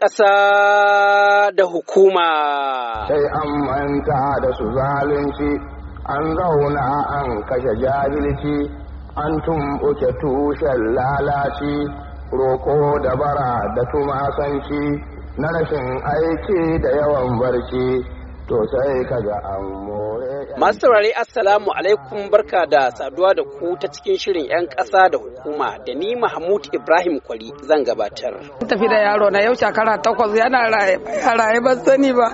ƙasa da hukuma. Sai an manta da su zalunci, an zauna an kashe jahilci, an tumɓuke tushen lalaci, roƙo da bara da tumasanci, na rashin aiki da yawan barci. Masu Assalamu alaikum barka da saduwa da ku ta cikin shirin 'yan ƙasa da hukuma da ni Mahmud Ibrahim Kwari zan gabatar. Tafi da yaro na yau shekara takwas yana raye ba sani ba.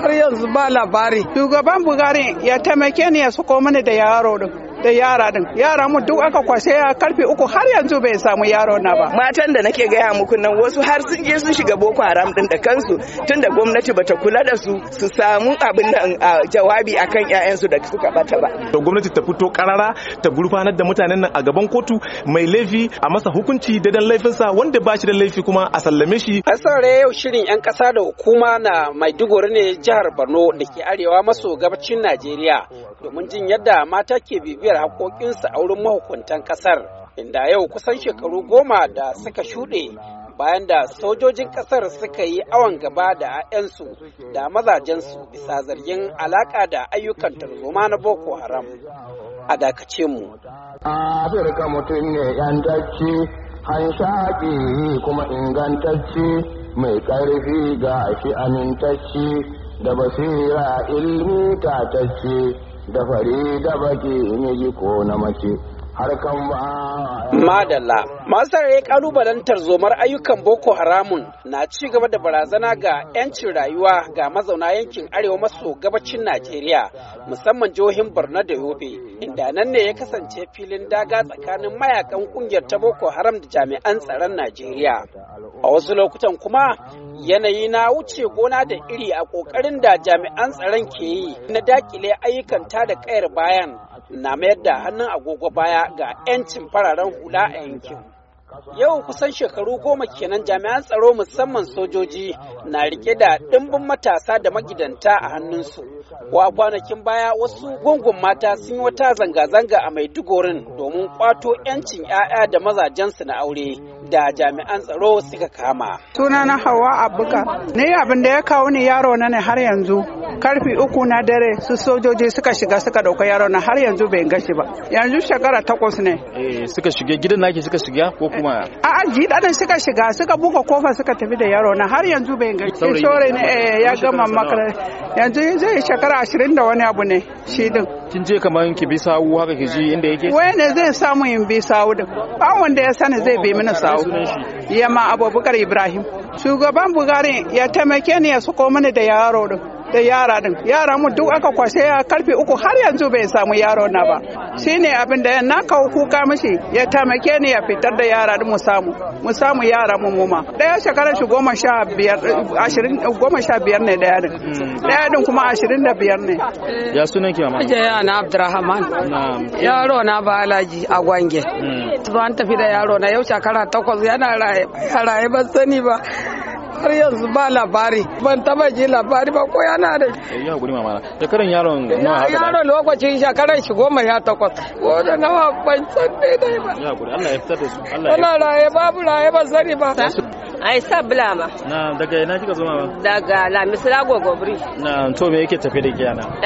Har yanzu ba labari. Shugaban Bugari ya taimake ni ya sako mani da yaro din. da yara din yara mu duk aka kwashe a karfe uku har yanzu bai samu yaro na ba matan da nake gaya muku nan wasu har sun je sun shiga boko haram din da kansu tunda gwamnati bata kula da su su samu abin nan jawabi akan 'ya'yansu da suka bata ba to gwamnati ta fito karara ta gurfanar da mutanen nan a gaban kotu mai laifi a masa hukunci da dan laifinsa wanda ba shi da laifi kuma a sallame shi asare yau shirin yan kasa da hukuma na maiduguri ne jihar borno da ke arewa maso gabacin najeriya domin jin yadda mata ke bibi bibiyar haƙoƙinsu a wurin mahukuntan ƙasar inda yau kusan shekaru goma da suka shuɗe bayan da sojojin ƙasar suka yi awon gaba da 'yansu da mazajensu bisa zargin alaƙa da ayyukan tarzoma na boko haram a dakace mu afirka mutum ne yantacce hanshaƙi kuma ingantacce mai ƙarfi ga shi amintacce da basira ilmi tatacce da fari da baki in yi ko na mace Madalla, masu ya kalubalantar zomar ayyukan Boko Haramun na ci gaba da barazana ga 'yancin rayuwa ga mazauna yankin arewa maso gabacin Najeriya, musamman jihohin Borno da Yobe, inda nan ne ya kasance filin daga tsakanin mayakan kungiyar ta Boko Haram da jami'an tsaron Najeriya. A wasu lokutan kuma yanayi na wuce gona da iri a ƙoƙarin da jami'an tsaron ke yi na dakile ayyukan ta da kayar bayan. na mayar da hannun agogo baya ga 'yancin fararen hula a yankin. Yau kusan shekaru goma kenan jami'an tsaro musamman sojoji na rike da ɗimbin matasa da magidanta a hannunsu. Wa kwanakin baya wasu gungun mata sun yi wata zanga-zanga a maidugorin domin kwato 'yancin 'ya'ya da mazajensu na aure da jami'an tsaro suka kama. na Hawa Abuka, ni abin da ya kawo ni yaro na ne har yanzu. karfi uku na dare su sojoji suka shiga suka dauka yaron na har yanzu bai gashi ba yanzu shekara takwas ne eh suka shiga gidan naki suka shiga ko kuma a a gidan suka shiga suka buga kofa suka tafi da yaro na har yanzu bai gashi sore ne eh ya gama makaranta yanzu zai shekara ashirin da wani abu ne shi din mm. kin je kamar ki bi sawu haka ki ji inda yake wai ne zai samu in bi sawu din ba wanda ya sani zai bi mini sawu yamma abubakar ibrahim shugaban bugari ya taimake ni ya suko mini da yaro din da yara din yara mu duk aka kwashe ya karfe uku har yanzu bai samu yaro na ba shine abin da na kawo kuka mishi ya tamake ni ya fitar da yara din mu samu mu samu yara mu muma daya shekarar shi goma sha biyar ashirin goma sha biyar ne daya din daya hmm. din kuma ashirin da biyar ne ya sunan ki mama ya na abdurrahman yaro na balaji a gwange hmm. tuban tafi da yaro na yau shekara takwas yana raye ban sani ba har yanzu ba labari ban taba ji labari ba ko yana da eh, ya guri mama shekaran yaron na haka yaron lokacin shekaran shi goma ya takwas ko da nawa ban san ne da ba ya guri Allah ya fitar da su Allah ya raye babu raye ba sani ba ai sa bulama na daga ina kika zuma ba daga gogo gogobri na to me yake tafe da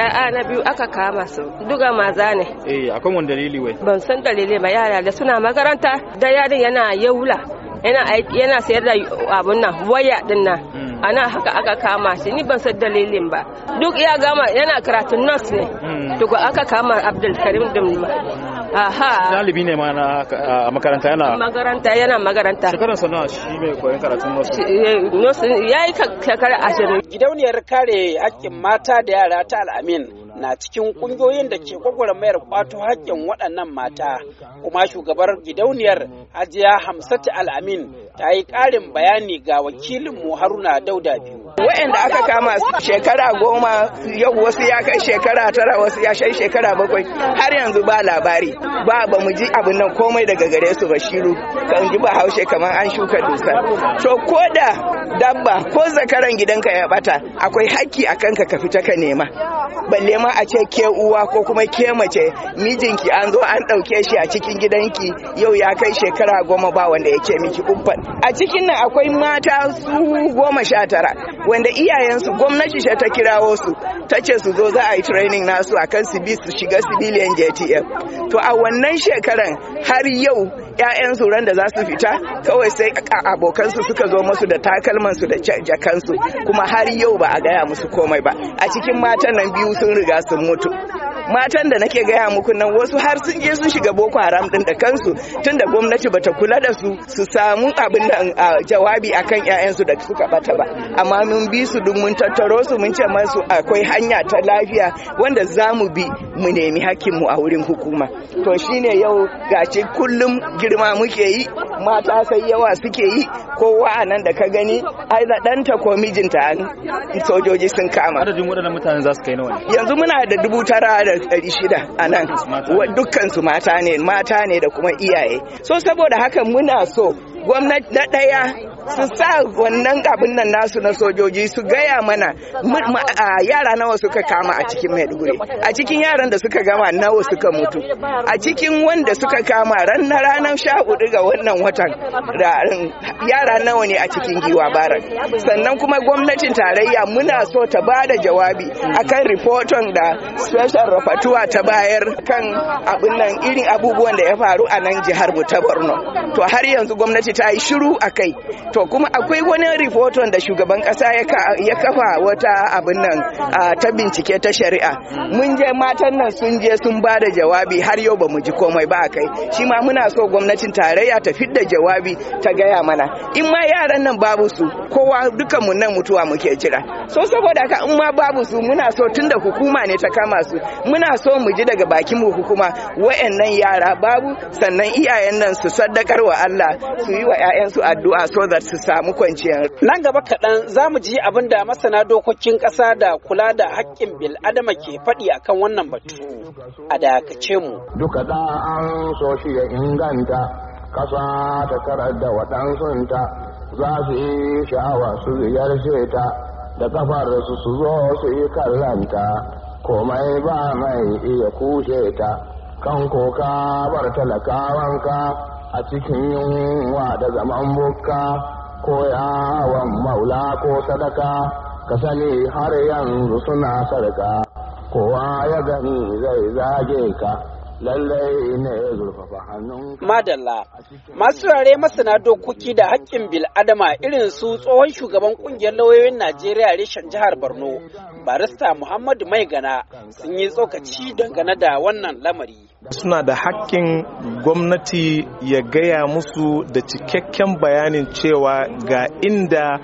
a a na biyu aka kama su duga maza ne eh akwai wani dalili wai ban san dalili ba yara da suna makaranta da yarin yana yaula yana sayar da abun nan waya din nan hmm. a haka aka kama shi ni ban san dalilin ba duk ya gama yana karatun nurse ne hmm. duk aka kama abdul karim din aha dalibi ne ma na makaranta yana makaranta yana makaranta shekaran nawa shi mai koyon karatun eh, nurse ya yi shekara ashirin gidauniyar kare hakkin mata da yara ta al'amin na cikin kungiyoyin da ke gwagwarmayar kwato haƙƙin waɗannan mata kuma shugabar gidauniyar hajiya hamsatu al'amin ta yi ƙarin bayani ga wakilinmu haruna dauda biyu wa'anda aka kama shekara goma yau wasu ya kai shekara tara wasu ya shai shekara bakwai har yanzu ba labari ba ba mu ji abin nan komai daga gare su ba shiru kan ji ba haushe kamar an shuka dusa to ko da dabba ko zakaran gidanka ya bata akwai haƙƙi a kanka ka fita ka nema balle ma a ce ke uwa ko kuma ke mace mijinki an zo an ɗauke shi a cikin gidanki yau ya kai shekara goma ba wanda ya ce miki umfan. a cikin nan akwai mata su goma sha tara wanda iyayensu gwamnati ta kirawo su ta ce su zo za a yi training nasu akan su bi su shiga civilian jtf to a wannan shekaran har yau 'ya'yan zuran da za su fita kawai sai abokansu suka zo musu da takalmansu da jakansu kuma har yau ba a gaya musu komai ba a cikin matan nan biyu sun riga sun mutu matan da nake gaya muku nan wasu har sun je sun shiga boko haram din da kansu tunda gwamnati bata kula da su su samu abin da jawabi akan 'ya'yansu da suka bata ba amma mun bi su duk mun tattaro su mun ce masu akwai hanya ta lafiya wanda za mu bi mu nemi mu a wurin hukuma to shine yau gashi kullum girma muke yi mata sai yawa suke yi kowa a nan da ka gani ai da ɗanta ko mijinta sojoji sun kama adadin waɗannan mutanen za su kai nawa yanzu muna da dubu tara da ɗari shida a nan dukkan su mata ne mata ne da kuma iyaye so saboda haka muna so gwamnati na ɗaya su sa wannan abin nan nasu na sojoji su gaya mana yara nawa suka kama a cikin maiduguri a cikin yaran da suka gama nawa suka mutu a cikin wanda suka kama ran na ranar sha hudu ga wannan watan yara nawa ne a cikin giwa barar sannan kuma gwamnatin tarayya muna so ta ba da jawabi akan ripoton da special rafatuwa ta bayar kan abin nan irin abubuwan da ya faru a nan jihar mu ta borno to har yanzu gwamnati ta yi shiru a kai to kuma akwai wani rifoton da shugaban kasa ya kafa wata abin nan ta bincike ta shari'a mun je matan nan sun je sun ba da jawabi har yau ba mu ji komai ba kai shi ma muna so gwamnatin tarayya ta fidda jawabi ta gaya mana in ma yaran nan babu su kowa dukan mu nan mutuwa muke jira so saboda ka in ma babu su muna so tunda hukuma ne ta kama su muna so mu ji daga bakin mu hukuma wayannan yara babu sannan iyayen nan su saddakar wa Allah su yi wa 'ya'yansu addu'a so da su samu kwanciyar. Nan gaba kaɗan za mu ji abin da masana dokokin ƙasa da kula da haƙƙin bil'adama ke faɗi akan wannan batu. A dakace mu. Duka ɗan an so shi ya inganta ƙasa ta karar da waɗansunta za su yi sha'awa su ziyarce ta da kafar su su zo su yi kallanta komai ba mai iya kushe ta kan koka bar talakawanka a cikin yunwa da zaman bukka ko yawon maula ko sadaka ka sani har yanzu suna sarka kowa ya gani zai zage ka Madalla, masu rare masana dokoki da haƙƙin bil'adama irin su tsohon shugaban ƙungiyar lauyoyin Najeriya reshen jihar Borno, barista Muhammadu Maigana sun yi tsokaci dangane da wannan lamari. Suna da haƙƙin gwamnati ya gaya musu da cikakken bayanin cewa ga inda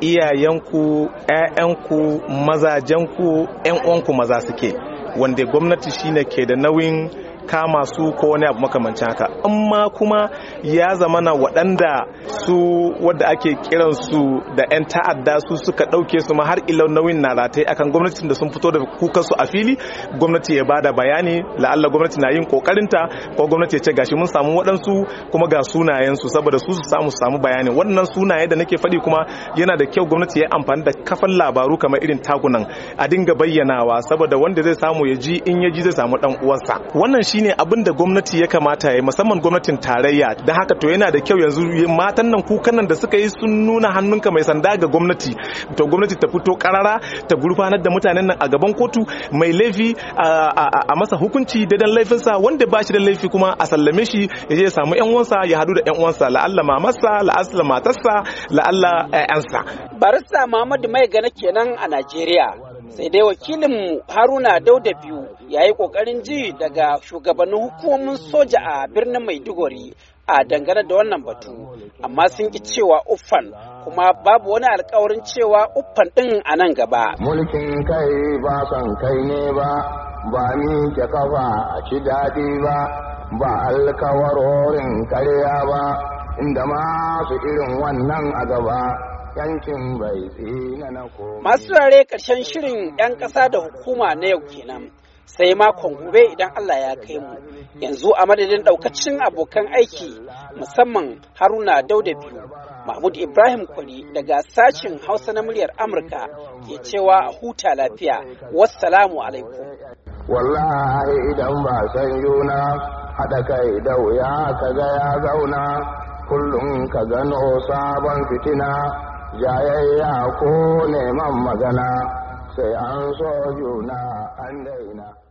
iyayenku, 'ya'yanku, mazajenku, yanuwanku maza suke. wanda gwamnati shine ke da nauyin kama su ko wani abu makamancin haka amma kuma ya zamana waɗanda su wadda ake kiran su da 'yan ta'adda su suka ɗauke su ma har ilau nauyin na ratai akan gwamnatin da sun fito da kukan su a fili gwamnati ya bada bayani la'alla gwamnati na yin kokarinta ko gwamnati ya ce gashi mun samu waɗansu kuma ga sunayen su saboda su su samu samu bayani wannan sunaye da nake faɗi kuma yana da kyau gwamnati ya amfani da kafan labaru kamar irin takunan a dinga bayyanawa saboda wanda zai samu ya ji in ya ji zai samu ɗan uwarsa wannan shine abin da gwamnati ya kamata ya yi musamman gwamnatin tarayya da haka to yana da kyau yanzu matan nan kukan nan da suka yi sun nuna hannunka mai sanda ga gwamnati to gwamnati ta fito karara ta gurfanar da mutanen nan a gaban kotu mai laifi a masa hukunci da dan laifinsa wanda ba shi da laifi kuma a sallame shi ya je ya samu yan uwansa ya hadu da yan uwansa la'alla mamarsa la'asla matarsa la'alla ƴaƴansa barista Muhammadu Mai gane kenan a Najeriya sai dai wakilinmu haruna da biyu ya yi kokarin ji daga shugabannin hukumomin soja a birnin maiduguri a dangane da wannan batu amma sun ki cewa uffan kuma babu wani alkawarin cewa uffan ɗin a nan gaba mulkin kai ba son kai ne ba ba ni ke kafa a ci daɗi ba ba alkawarorin karya ba inda masu irin wannan a gaba yankin bai na komai. Masu rare ƙarshen shirin 'yan ƙasa da hukuma na yau kenan. Sai makon gobe idan Allah ya kai mu. Yanzu a madadin ɗaukacin abokan aiki musamman Haruna Dauda biyu, Mahmud Ibrahim Kwari daga sashen Hausa na muryar Amurka ke cewa a huta lafiya. Wassalamu alaikum. Wallahi idan ba san juna haɗa kai da wuya ka ga ya zauna kullum ka gano sabon fitina. jayayya ko neman magana sai an so juna an daina